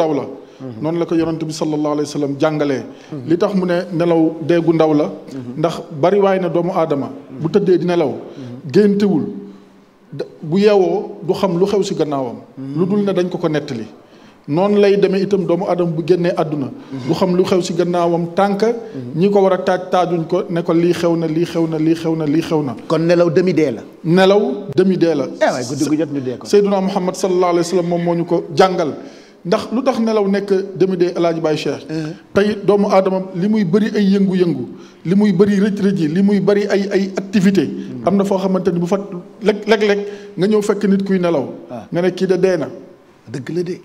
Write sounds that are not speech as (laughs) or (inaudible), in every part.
ndaw la noonu la ko yonante bi sallallahu alayhi wa jàngalee li tax mu ne nelaw gu ndaw la ndax bari waay na doomu aadama bu tëddee di nelaw géntewul bu yeewoo du xam lu xew si gannaawam lu dul ne dañ ko ko nettali noonu lay demee itam doomu adama bu génnee àdduna du xam lu xew si gannaawam tànk ñi ko war a taaj taajuñ ko ne ko lii xew na lii xew na lii xew na lii xew na kon nelaw demi dee la nelaw demi dee la eh waay guddi gu jot Seydunaa Muhammad sallallahu alayhi moom moo ñu ko jàngal ndax lu tax nelaw nekk demide El Hadj Baye cher uh-huh. tey doomu aadama li muy bëri ay yëngu-yëngu li muy bëri rëcc-rëcc yi li muy bëri ay ay activité hmm. am na foo xamante ni bu fa léeg-léeg nga ñëw fekk nit kuy nelaw. Ah. nga ne kii de dee na. dëgg la de.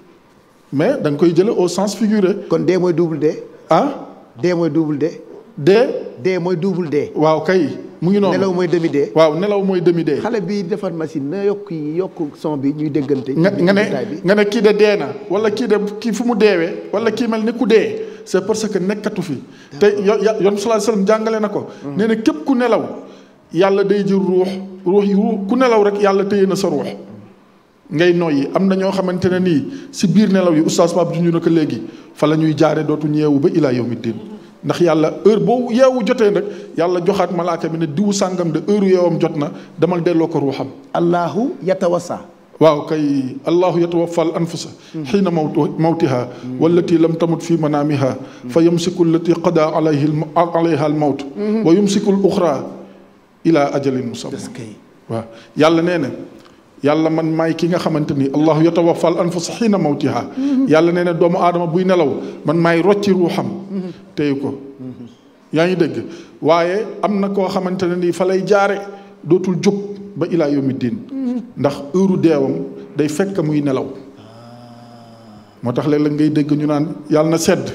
mais da koy jële au sens figuré. kon dee mooy double D. ah. dee mooy double D. dee. dee mooy double D. waaw kay. mu ngi noonu nelaw mooy demi dee. waaw nelaw mooy demi dee. xale bi defar machine na yokk yokk son bi ñuy déggante. nga ne nga ne kii de dee na wala kii de kii fu mu deewee wala kii mel ni ku dee c'est parce que nekkatu fi. te yo yoon sallallahu alayhi wasallam jàngale na ko. Mm. nee na képp ku nelaw yàlla day jël ruux ruux yi ku nelaw rek yàlla téye na sa ruux. ngay noyyi am na ñoo xamante ne nii si biir nelaw yi oustaz Pape junj na ko léegi fa la ñuy jaaree dootu ñeewu ba ilaa yawmi diin ndax yàlla heure boo yeewu jotee nag yàlla joxaat malaaka mi ne diwu sàngam de heure yeewam jot na demal delloo ko ruuxam allahu yatawassa waaw kay allahu yatawaffa al anfusa xiina mawt mawtiha wallati lam tamut fi manaamiha fa yumsiku allati qada alayhi alayha al mawt wa yumsiku al uxra ila ajalin musamma yàlla nee na yàlla man maay ki nga xamante ni allahu yatawaffal anfusa xiina mawtiha yàlla nee na doomu adama buy nelaw man maay rocci ruuxam tey ko yaa ngi dégg waaye am na koo xamante ne nii fa lay jaare dootul jóg ba ilaa yawmi diin ndax heure deewam day fekk muy nelaw moo tax léeg la ngay dégg ñu naan yàlla na sedd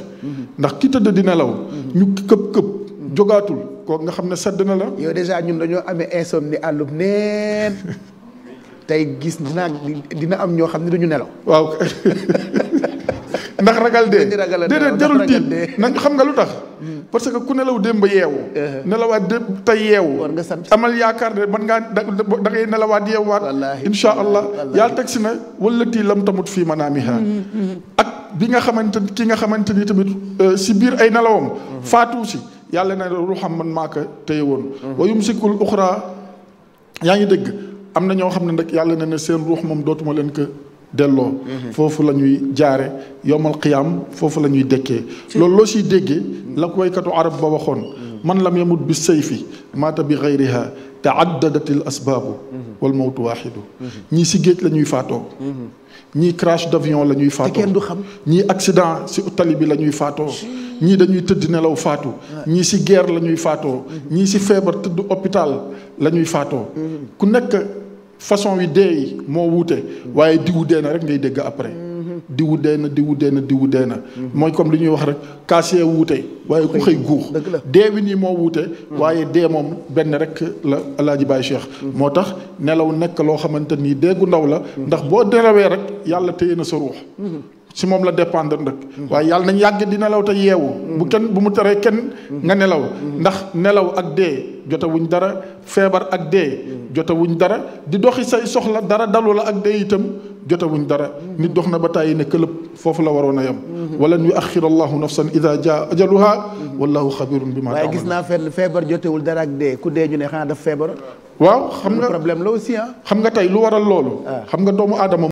ndax ki tëdd di nelaw ñu këpp këpp jógaatul kook nga xam ne sedd na la yow déjà ñun dañoo amee insomnie àllub neen (laughs) tey gis dinaa dina am ñoo xam ne duñu nelaw. waaw ndax ragal dee déedéet jarul tiit nañ xam nga lu tax. Hmm. parce que ku nelaw démb yeewu. Uh-huh. nelawaat démb tey yeewu. war nga sant amal yaakaar ne man ngaa da da ngay nelawaat yeewaat. wallaahi incha allah yàlla teg si na wallati lam tamut fii manaamiha hmm, hmm. ak bi nga xamante ki nga xamante ni tamit euh, si biir ay nelawam. faatu si yàlla na ruuxam man maa ko téye woon. wa yumsikul uxra yaa ngi dégg. am na ñoo xam ne nag yàlla na ne seen ruux moom dootuma leen ko delloo. Mhm. foofu la ñuy jaare yomal xiyaam foofu la ñuy dekkee. loolu loo siy déggee. la ko waykatu arab ba waxoon. Mhm. man lam yamut bi sayfi maata bi xayriha taaddadatil asbaabu. Mhm. wal mawtu waaxidu. ñii si géej la ñuy faatoo. ñii crash d' avion la ñuy faatoo. te kenn du xam ñii accident si tali bi la ñuy faatoo. ñii dañuy tëdd nelaw faatu ñii si guerre la ñuy faatoo mm-hmm. ñii si feebar tëdd hôpital la ñuy faatoo mm-hmm. ku nekk façon wi dee yi moo wuute mm-hmm. waaye diwu dee na rek ngay dégg après diwu dee na diwu dee na diwu dee na mooy comme li ñuy wax rek kaasee wuute waaye ku xëy guux dee wi nii moo wuute waaye dee moom benn rek la alaaji Baye Cheikh moo tax nelaw nekk loo xamante nii déggu ndaw la ndax boo nelawee rek yàlla téye na sa ruux si moom la dépendre nag. waaye yàlla nañ yàgg di nelaw te yeewu. bu kenn bu mu teree kenn nga nelaw. ndax nelaw ak dee jotewuñ dara feebar ak dee. jotewuñ dara di doxi say soxla dara dalu la ak dee itam dara. nit dox na ba tàyyi ne këlëb foofu la waroon a yem. walan yu axir allahu nafsan ida jaa ajaluha wallahu xabirun bi ma. waaye gis naa fenn feebar jotewul dara ak dee ku dee ñu ne xanaa daf waaw xam nga ah. xam nga tey lu waral loolu. Ah. xam nga doomu aadama.